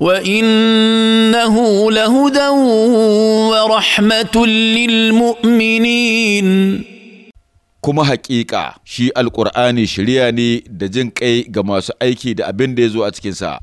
وانه لهدى ورحمه للمؤمنين كما حقيقه شي القران شريعه ني دجن قي ga masu